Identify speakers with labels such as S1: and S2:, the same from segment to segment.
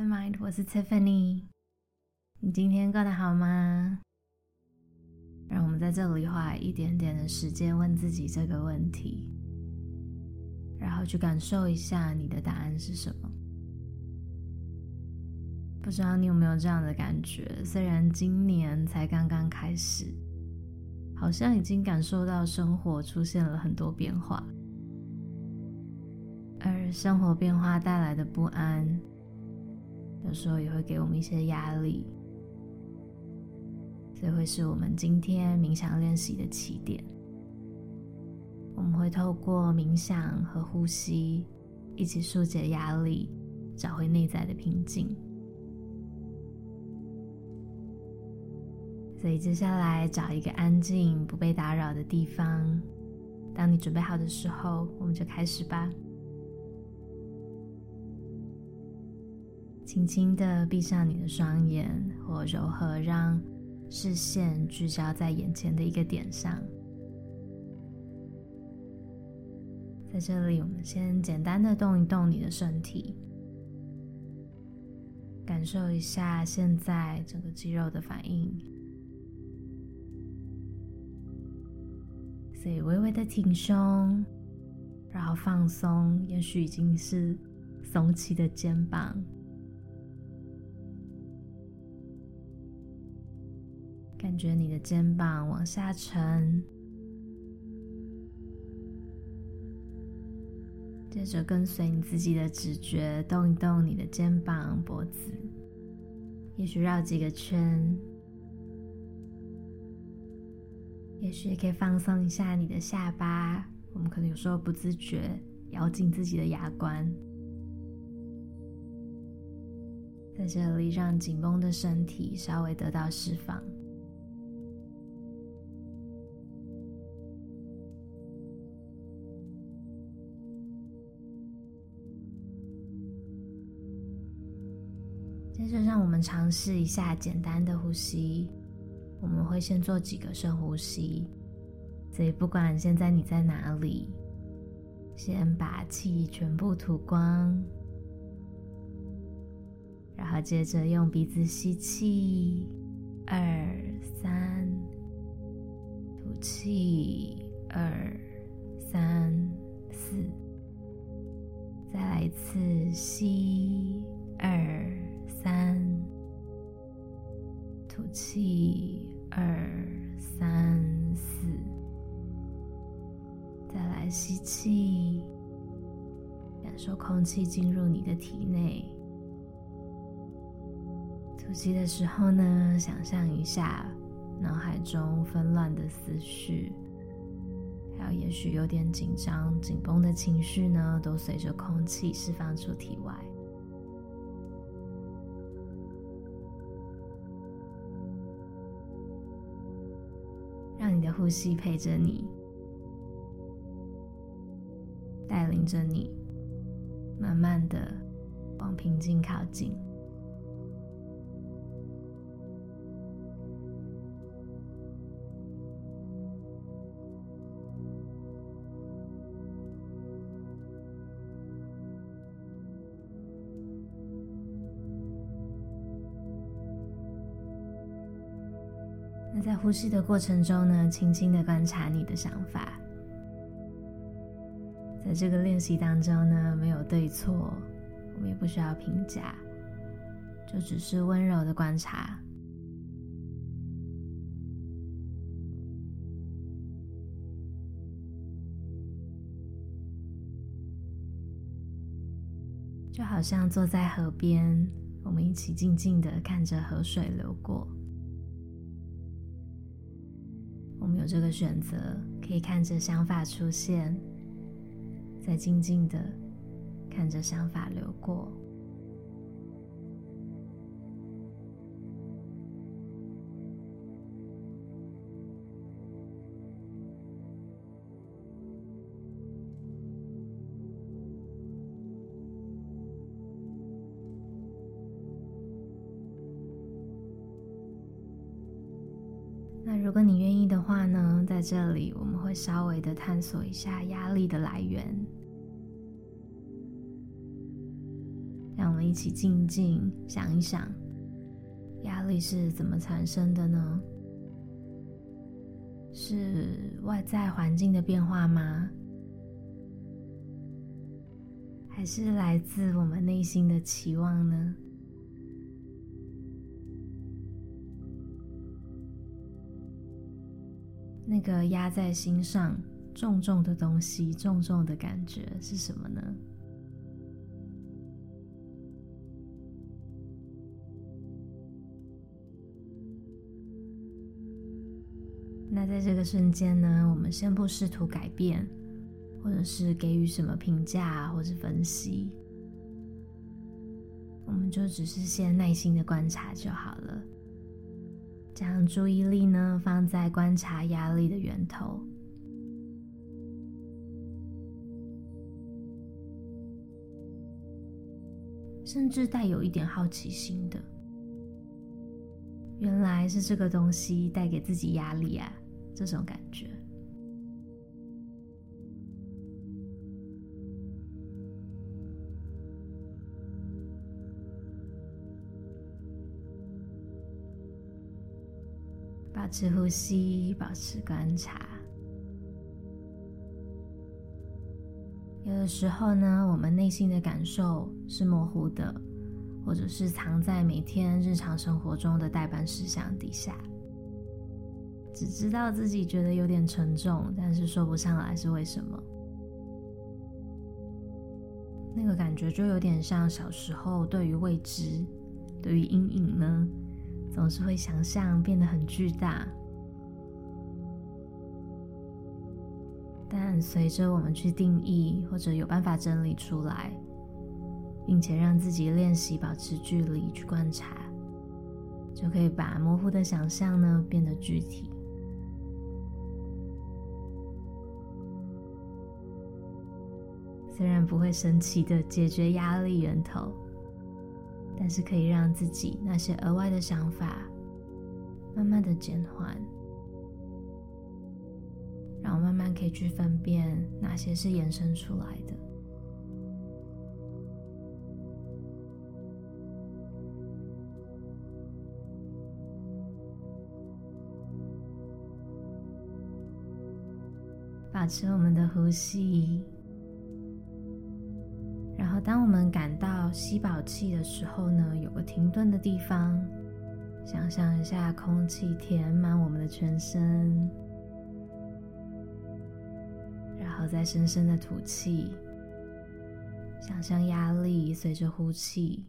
S1: Mind， 我是 Tiffany。你今天過得好嗎？讓我們在這裡花一點點的時間問自己這個問題，然後去感受一下你的答案是什麼。不知道你有沒有這樣的感覺？雖然今年才剛剛開始，好像已經感受到生活出現了很多變化，而生活變化帶來的不安。有時候也會給我們一些壓力，這會是我們今天冥想練習的起點。我們會透過冥想和呼吸，一起疏解壓力，找回內在的平靜。所以接下來找一個安靜、不被打擾的地方。當你準備好的時候，我們就開始吧。輕輕的閉上你的雙眼，或柔和，讓視線聚焦在眼前的一個點上。在這裡，我們先簡單的動一動你的身體，感受一下現在整個肌肉的反應。所以微微的挺胸，然後放鬆，也許已經是聳起的肩膀。感覺你的肩膀往下沉，接着跟隨你自己的直覺，動一動你的肩膀、脖子，也許繞幾個圈，也許也可以放鬆一下你的下巴。我們可能有時候不自覺咬緊自己的牙關，在這裡讓緊繃的身體稍微得到釋放。嘗試一下簡單的呼吸。我們會先做幾個深呼吸，所以不管現在你在哪裡，先把氣全部吐光，然後接着用鼻子吸氣，二三，吐氣，二三四，再來一次吸二三。吐氣，二三四，再來吸氣，感受空氣進入你的體內。吐氣的時候呢，想象一下腦海中紛亂的思緒，還有也許有點緊張、緊繃的情緒呢，都隨着空氣釋放出體外。你的呼吸陪着你，帶領着你，慢慢的往平靜靠近。在呼吸的過程中呢，輕輕的觀察你的想法。在這個練習當中呢，沒有對錯，我們也不需要評價，就只是溫柔的觀察。就好像坐在河邊，我們一起靜靜的看着河水流過。有這個選擇，可以看着想法出現，再靜靜的看着想法流過。那如果你願意的話呢，在這裡我們會稍微的探索一下壓力的來源。讓我們一起靜靜想一想，壓力是怎麼產生的呢？是外在環境的變化嗎？還是來自我們內心的期望呢？那個壓在心上重重的東西，重重的感覺是什麼呢？那在這個瞬間呢，我們先不試圖改變，或者是給予什麼評價啊，或者是分析，我們就只是先耐心的觀察就好了。將注意力呢放在觀察壓力的源頭，甚至帶有一點好奇心的，原來是這個東西帶給自己壓力啊，這種感覺。保持呼吸，保持觀察。有的時候呢，我們內心的感受是模糊的，或者是藏在每天日常生活中的待辦事項底下，只知道自己覺得有點沉重，但是說不上來是為什麼。那個感覺就有點像小時候對於未知、對於陰影呢。總是會想象變得很巨大，但隨着我們去定義或者有辦法整理出來，並且讓自己練習保持距離去觀察，就可以把模糊的想象呢變得具體。雖然不會神奇地解決壓力源頭。但是可以讓自己那些額外的想法慢慢的減緩，然後慢慢可以去分辨哪些是延伸出來的，保持我們的呼吸。當我們感到吸飽氣的時候呢，有個停頓的地方，想象一下空氣填滿我們的全身，然後再深深的吐氣，想象壓力隨着呼氣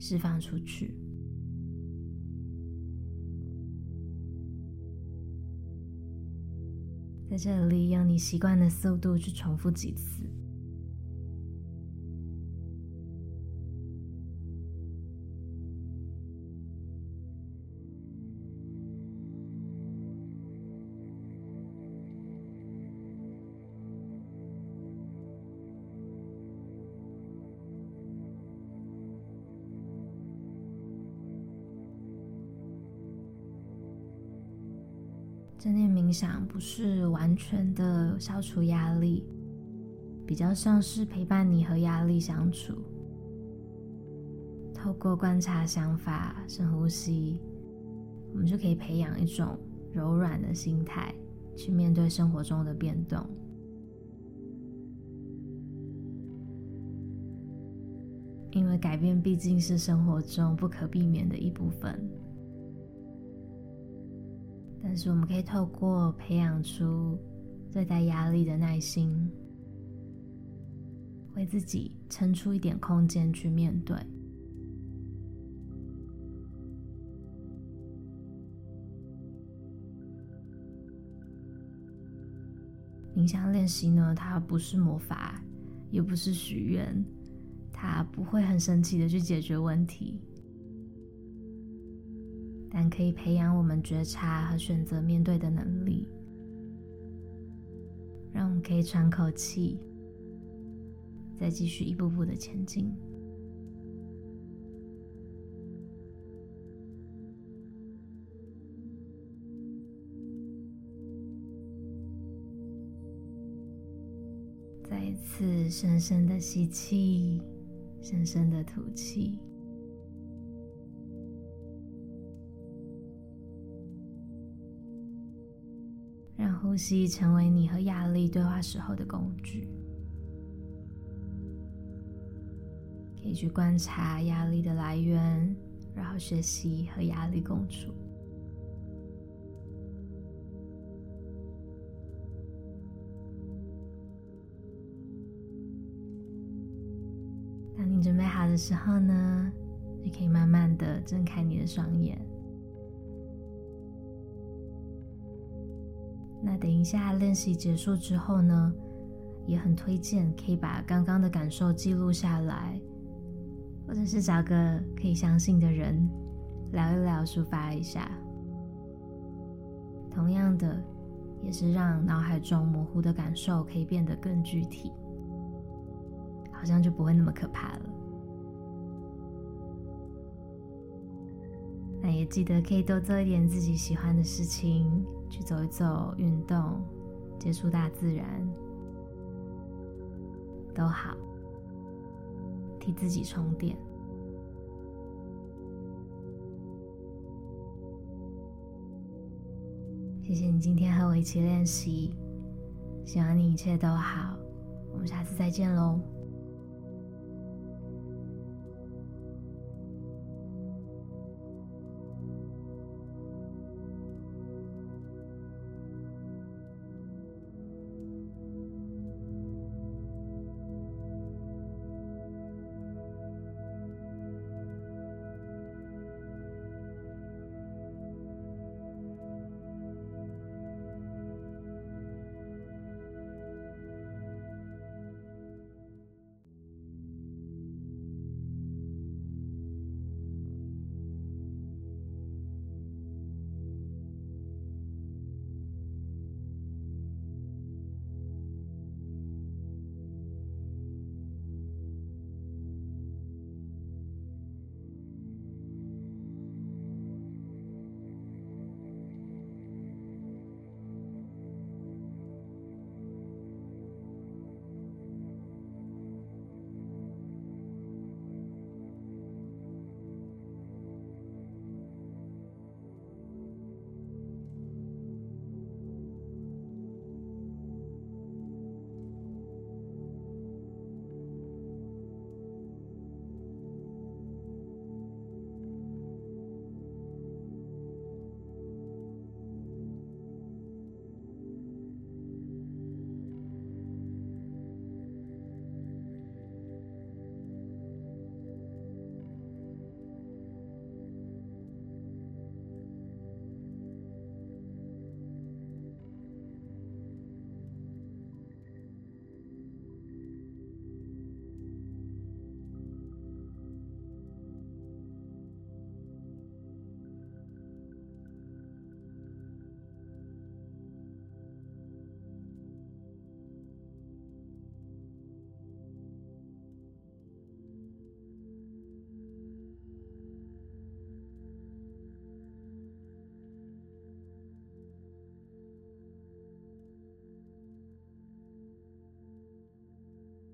S1: 釋放出去。在這裡，用你習慣的速度去重複幾次。正念冥想不是完全的消除壓力，比較像是陪伴你和壓力相處。透過觀察想法、深呼吸，我們就可以培養一種柔軟的心態去面對生活中的變動。因為改變畢竟是生活中不可避免的一部分。但是我們可以透過培養出對待壓力的耐心，為自己撐出一點空間去面對。冥想 練習呢，它不是魔法，也不是許願，它不會很神奇的去解決問題。但可以培養我們覺察和選擇面對的能力，讓我們可以喘口氣，再繼續一步步的前進。再一次深深的吸氣，深深的吐氣。成為你和壓力對話時候的工具，可以去觀察壓力的來源，然後學習和壓力共處。當你準備好的時候呢，你可以慢慢的睜開你的雙眼。那等一下練習結束之後呢，也很推薦可以把剛剛的感受記錄下來，或者是找個可以相信的人聊一聊，抒發一下。同樣的，也是讓腦海中模糊的感受可以變得更具體，好像就不會那麼可怕了。那也記得可以多做一點自己喜歡的事情。去走一走，運動，接觸大自然，都好，替自己充電。謝謝你今天和我一起練習，希望你一切都好，我們下次再見囉。